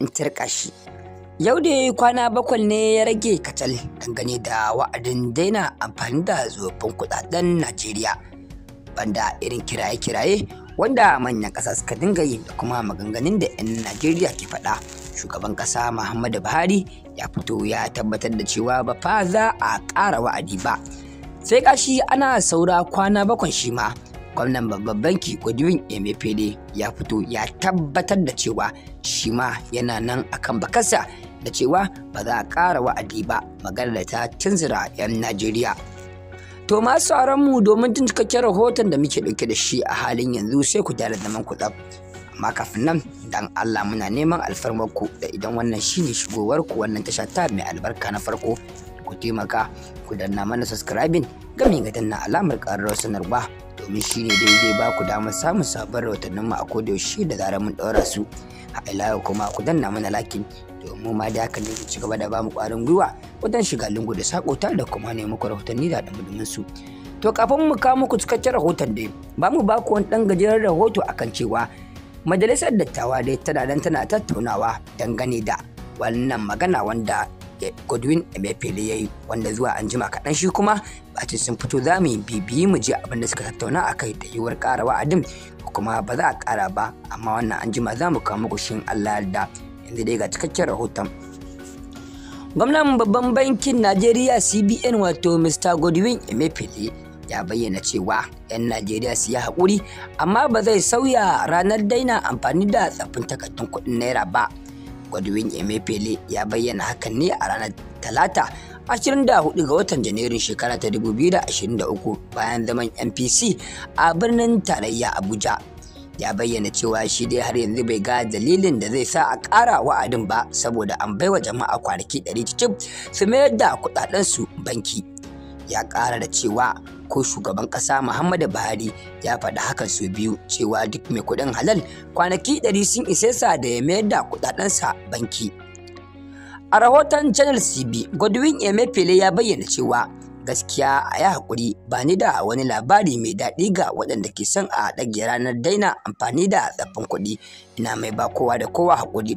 in tirka shi yau da kwana bakwai ne ya rage kacal dangane da wa'adin daina amfani da tsofaffin kudaden najeriya banda irin kiraye-kiraye wanda manyan ƙasa suka dinga yi da kuma maganganun da 'yan najeriya ke faɗa shugaban ƙasa muhammadu buhari ya fito ya tabbatar da cewa ba fa za a ƙara wa'adi ba sai kashi ana saura kwana bakwai shi ma gwamnan babban banki godwin emefiele ya fito ya tabbatar da cewa shi ma yana nan akan bakarsa da cewa ba za a ƙara wa'adi ba maganar da ta tunzura 'yan najeriya to masu mu domin tun cikakken rahoton da muke ɗauke da shi a halin yanzu sai ku dara zaman ku amma kafin nan dan Allah muna neman alfarmarku da idan wannan shine shigowarku wannan tasha ta mai albarka na farko ku taimaka ku danna mana subscribing gami ga danna alamar ƙararrawar sanarwa domin shi ne daidai ba ku damar samun sabon rahotannin mu a kodayaushe da zarar mun ɗaura su a ilayo kuma ku danna mana lakin domin ma da haka ne ku ci gaba da bamu ƙwarin gwiwa wajen shiga lungu da sakota da kuma ne muku rahotanni da dumdumin su to kafin mu kawo muku cikakken rahoton dai ba mu ba ku wani ɗan gajeren rahoto akan cewa majalisar dattawa dai tana nan tana tattaunawa dangane da wannan magana wanda godwin emefiele ya yi wanda zuwa an jima kaɗan shi kuma ba ce sun fito za mu bibiyi mu ji abin da suka tattauna a kai da yiwuwar ƙara wa'adin kuma ba za a ƙara ba amma wannan an jima za mu kawo muku shin allah da yanzu dai ga cikakken rahoton gwamnan babban bankin najeriya cbn wato mr godwin emefiele ya bayyana cewa 'yan najeriya su yi haƙuri amma ba zai sauya ranar daina amfani da tsaffin takardun kuɗin naira ba godwin emefiele ya bayyana hakan ne a ranar talata 24 ga watan janairun shekara ta 2023 bayan zaman npc a birnin tarayya abuja ya bayyana cewa shi dai har yanzu bai ga dalilin da zai sa a ƙara wa'adin ba saboda an baiwa jama'a kwanaki 100 su mayar da kudaden su banki ya ƙara da cewa ko shugaban ƙasa Muhammadu Buhari ya faɗi hakan sau biyu cewa duk mai kuɗin halal kwanaki ɗari sun isa sa da ya mayar da kuɗaɗensa banki. A rahoton Channel CB, Godwin emefele ya bayyana cewa gaskiya a yi haƙuri ba ni da wani labari mai daɗi ga waɗanda ke son a ɗage ranar daina amfani da tsaffin kuɗi ina mai ba kowa da kowa haƙuri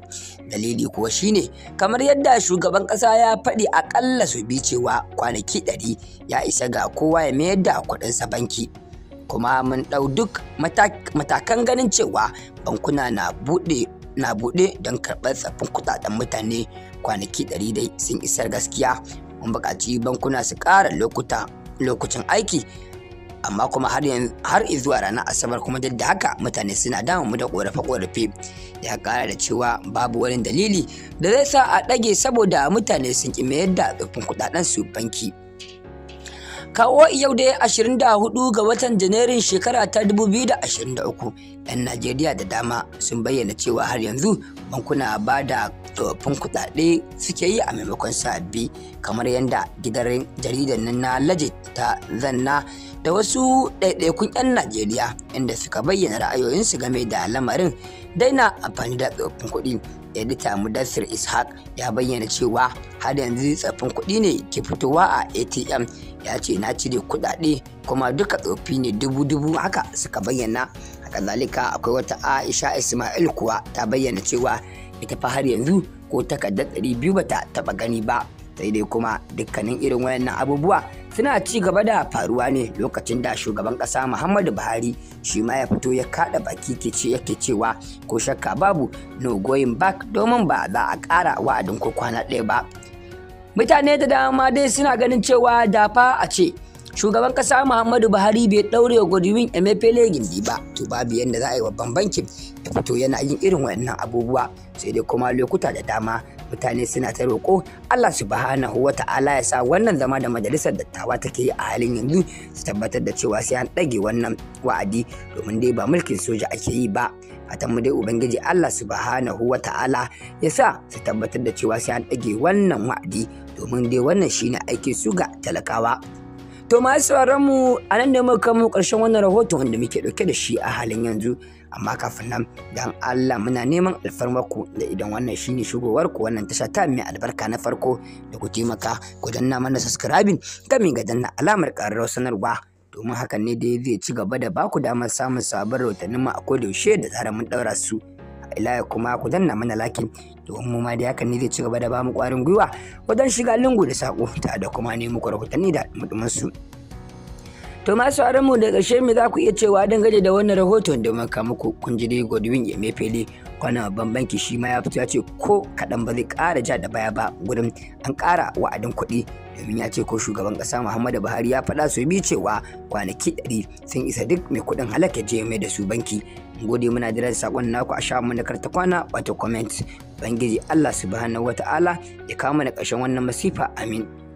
dalili kuwa shine kamar yadda shugaban ƙasa ya faɗi aƙalla su bi cewa kwanaki ɗari ya isa ga kowa ya mayar da kuɗinsa banki kuma mun ɗau duk matakan ganin cewa bankuna na buɗe na buɗe don karɓar tsaffin kuɗaɗen mutane kwanaki ɗari dai sun isar gaskiya mun buƙaci bankuna su ƙara lokacin aiki amma kuma har har zuwa ranar asabar kuma duk da haka mutane suna damu da ƙorafe-ƙorafe ya ƙara da cewa babu wani dalili da zai sa a ɗage saboda mutane sun ƙi mayar da tsoffin kuɗaɗen su banki kawo yau da 24 ga watan janairun shekara ta 2023 'yan najeriya da dama sun bayyana cewa har yanzu bankuna ba da tsofaffin kuɗaɗe suke yi a maimakon sabbi kamar yadda gidan jaridar nan na laje ta zanna da wasu ɗaiɗaikun 'yan najeriya inda suka bayyana ra'ayoyinsu game da lamarin daina amfani da tsofaffin kuɗi edita mudassir ishaq ya bayyana cewa har yanzu tsoffin kuɗi ne ke fitowa a atm ya ce na cire kuɗaɗe kuma duka tsofi ne dubu-dubu haka suka bayyana A kazalika akwai wata aisha ismail kuwa ta bayyana cewa ita fa har yanzu ko takardar ɗari biyu ba ta taɓa gani ba sai dai kuma dukkanin irin wayannan abubuwa suna ci gaba da faruwa ne lokacin da shugaban ƙasa muhammadu buhari shi ma ya fito ya kaɗa baki ke ce yake cewa ko shakka babu no going back domin ba za a kara wa'adin ko kwana ɗaya ba mutane da dama dai suna ganin cewa dafa a ce shugaban kasa muhammadu buhari bai daure wa godwin emefiele gindi ba to babu yadda za a yi babban bankin ya fito yana yin irin wannan abubuwa sai dai kuma lokuta da dama mutane suna ta roƙo Allah subhanahu wa ta'ala ya sa wannan zama da majalisar dattawa take yi a halin yanzu su tabbatar da cewa sai an ɗage wannan wa'adi domin dai ba mulkin soja ake yi ba fatan mu dai ubangiji Allah subhanahu wa ta'ala ya sa su tabbatar da cewa sai an ɗage wannan wa'adi domin dai wannan shine aikin su ga talakawa To masu sauran mu a nan da muka kama ƙarshen wannan rahoto wanda muke ɗauke da shi a halin yanzu amma kafin nan dan Allah muna neman alfarmarku da idan wannan shine shugowar ku wannan tasha ta mai albarka na farko da ku taimaka ku danna mana subscribing gami ga danna alamar ƙararrawar sanarwa domin hakan ne da zai ci gaba da baku damar samun sabon rahotannin mu a kodayaushe da tsara mun ɗaura su. ila kuma ku danna mana lakin domin mu ma da hakan ne zai ci gaba da bamu kwarin gwiwa wajen shiga lungu da sako ta da kuma ne muku rahotanni da mutumin su to masu mu da ƙarshe me za ku iya cewa dangane da wannan rahoton da muka muku kun ji dai Godwin mefele kwanan babban banki shi ma ya fito ya ce ko kaɗan ba zai ƙara ja da baya ba gurin an ƙara wa'adin kuɗi domin ya ce ko shugaban ƙasa muhammadu buhari ya faɗa su bi cewa kwanaki ɗari sun isa duk mai kuɗin halaka je mai da su banki gode muna jira da saƙon naku a sha mana karta kwana wato comment bangiji allah subhanahu ta'ala ya kama da ƙarshen wannan masifa amin